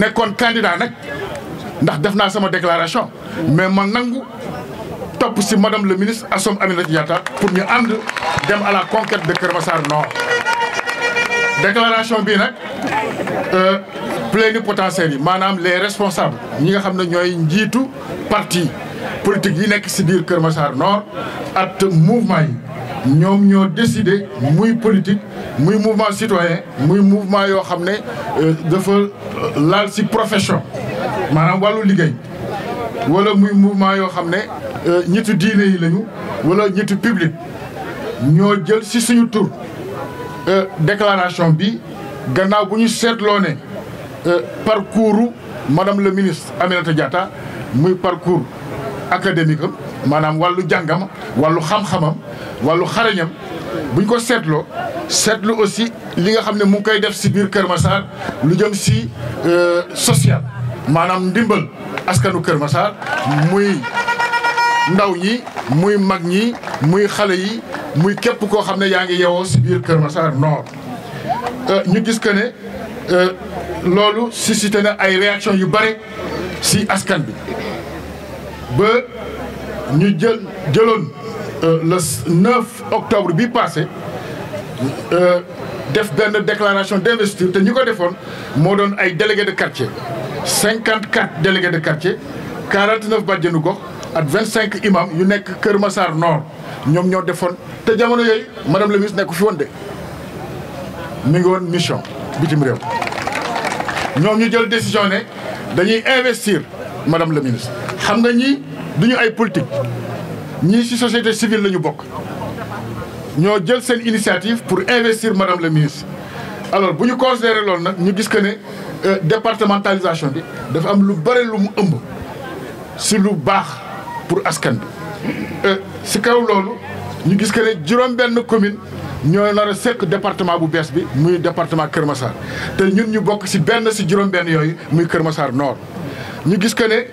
nekkoon candidat nag ndax def naa sama déclaration mais ma nangu topp si madame le ministre Assome Aminata Diatta pour ñu ànd dem à la conquête de Kër ma Massar Nord déclaration bii nag euh, plénipotentiaires yi maanaam les responsable ñi nga xam ne ñooy njiitu parti politique yi nekk si biir Kër Massar Nord at mouvement yi Nous avons décidé muy politique muy mouvement citoyen muy mouvement yo xamné euh, dafa euh, profession Walu wala mouvement euh, yi lañu wala public jël ci suñu déclaration bi gannaaw bu parcours madame le ministre Aminata Diatta muy parcours académique maanaam wàllu jàngam wàllu xam-xamam wàllu xarañam buñ ko seetloo seetlu aussi li nga xam ne mu ngi koy def si biir Kër lu jëm si euh, social maanaam ndimbal askanu Kër Massar muy ndaw ñi muy mag ñi muy xale yi muy képp koo xam ne yaa ngi yeewoo si biir Kër Massar Nord euh, ñu gis que ne euh, loolu suscité na ay réaction yu bare si askan bi ba Nous euh, le 9 octobre bi passé euh, def déclaration d'investiture te ñuko ko mo ay délégués de quartier 54 délégués de quartier 49 badjenu gox ak 25 imams yu nekk keur Massar Nord ñom ñoo madame le ministre nous fi won de mi ngi mission bitim rew ñom ñu décision de dañuy investir madame la ministre xam nga ñi duñu ay politique ñii ci société civile nous avons bokk ñoo jël initiative pour investir madame la ministre alors si nous considérons cela nous ñu gis que ne euh, départementalisation bi dafa am lu bëri lu mu ëmb si lu pour askan bi si euh, kaw loolu ñu gis que ne juróom-benn commune ñoo le a département bu bees le muy département de Massar et ñun ñu bokk si benn si juróom-benn yooyu muy Kër Massar Nord ñu gis que ne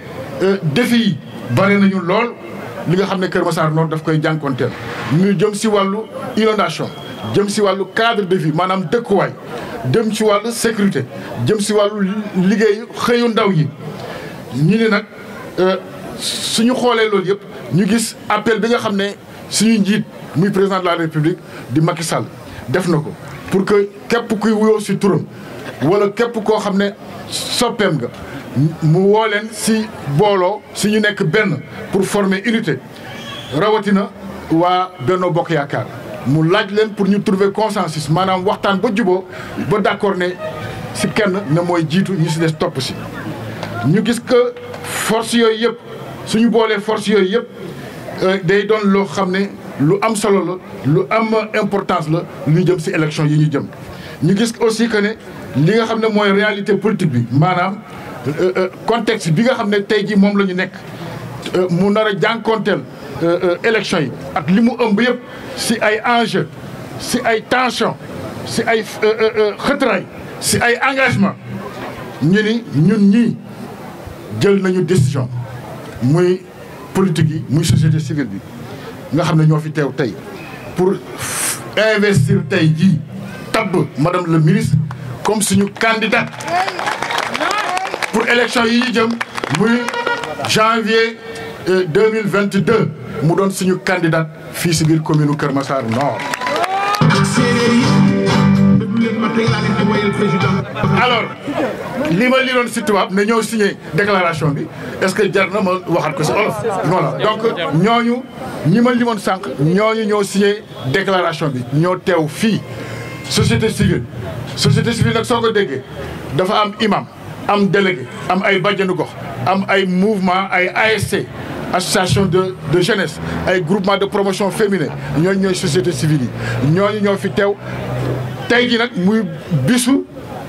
euh, défi bare nañu lool li nga xamné Kër Massar non daf koy ñu jëm inondation jëm cadre de vie dekk way jëm sécurité jëm si walu liggéeyu xeyu ndaw yi Nous euh suñu xolé nous yépp ñu gis appel bi nga suñu président de la république di Macky Sall def nous pour que képp kuy wuyoo si turam wala képp koo xam ne soppeem nga mu woo leen si booloo si ñu nekk benn pour former unité rawatina waa Benno Bokk Yaakaar mu laaj leen pour ñu trouver consensus maanaam waxtaan ba juboo ba d'accord ne si kenn ne mooy jiitu ñu si des topp si ñu gis que force yooyu yëpp suñu boolee force yooyu yëpp euh, day doon loo xam ne lu am solo la lu am importance la lu ñu jëm si élection yi ñu jëm ñu gis aussi que ne li nga xam moy réalité politique bi maanaam euh, euh, contexte bi nga xam tay ji mom lañu nek ñu nekk euh, mu nar a élection yi ak limu ëmb yëpp si ay enjeu si ay tension si ay xëtëraay si ay engagement ñu ni ñun ñi jël nañu décision muy politique yi muy société civile bi nga xam ne ñoo fi teew tey pour investir tay ji tab madame le ministre comme nous candidat pour l'élection yi janvier 2022 euh, mu doon suñu candidat fils de la commune Kër Nord. alors li ma liroon si nous avons ñoo signé déclaration est-ce que jar na ma waxaat ko si olof. voilà donc nous avons signé la déclaration. Nous avons signé déclaration bi ñoo société civile société civile nak soko ko dafa am imam am délégué am ay am ay mouvement ay ASC association de de jeunesse ay groupement de promotion féminine ñooñu une société civile yi ñoo fi tew tey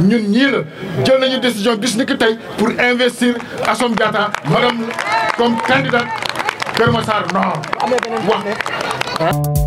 ñun ñi la jël nañu décision bis ni ki pour investir son Diatta madame comme candidat Kër ça Nord wax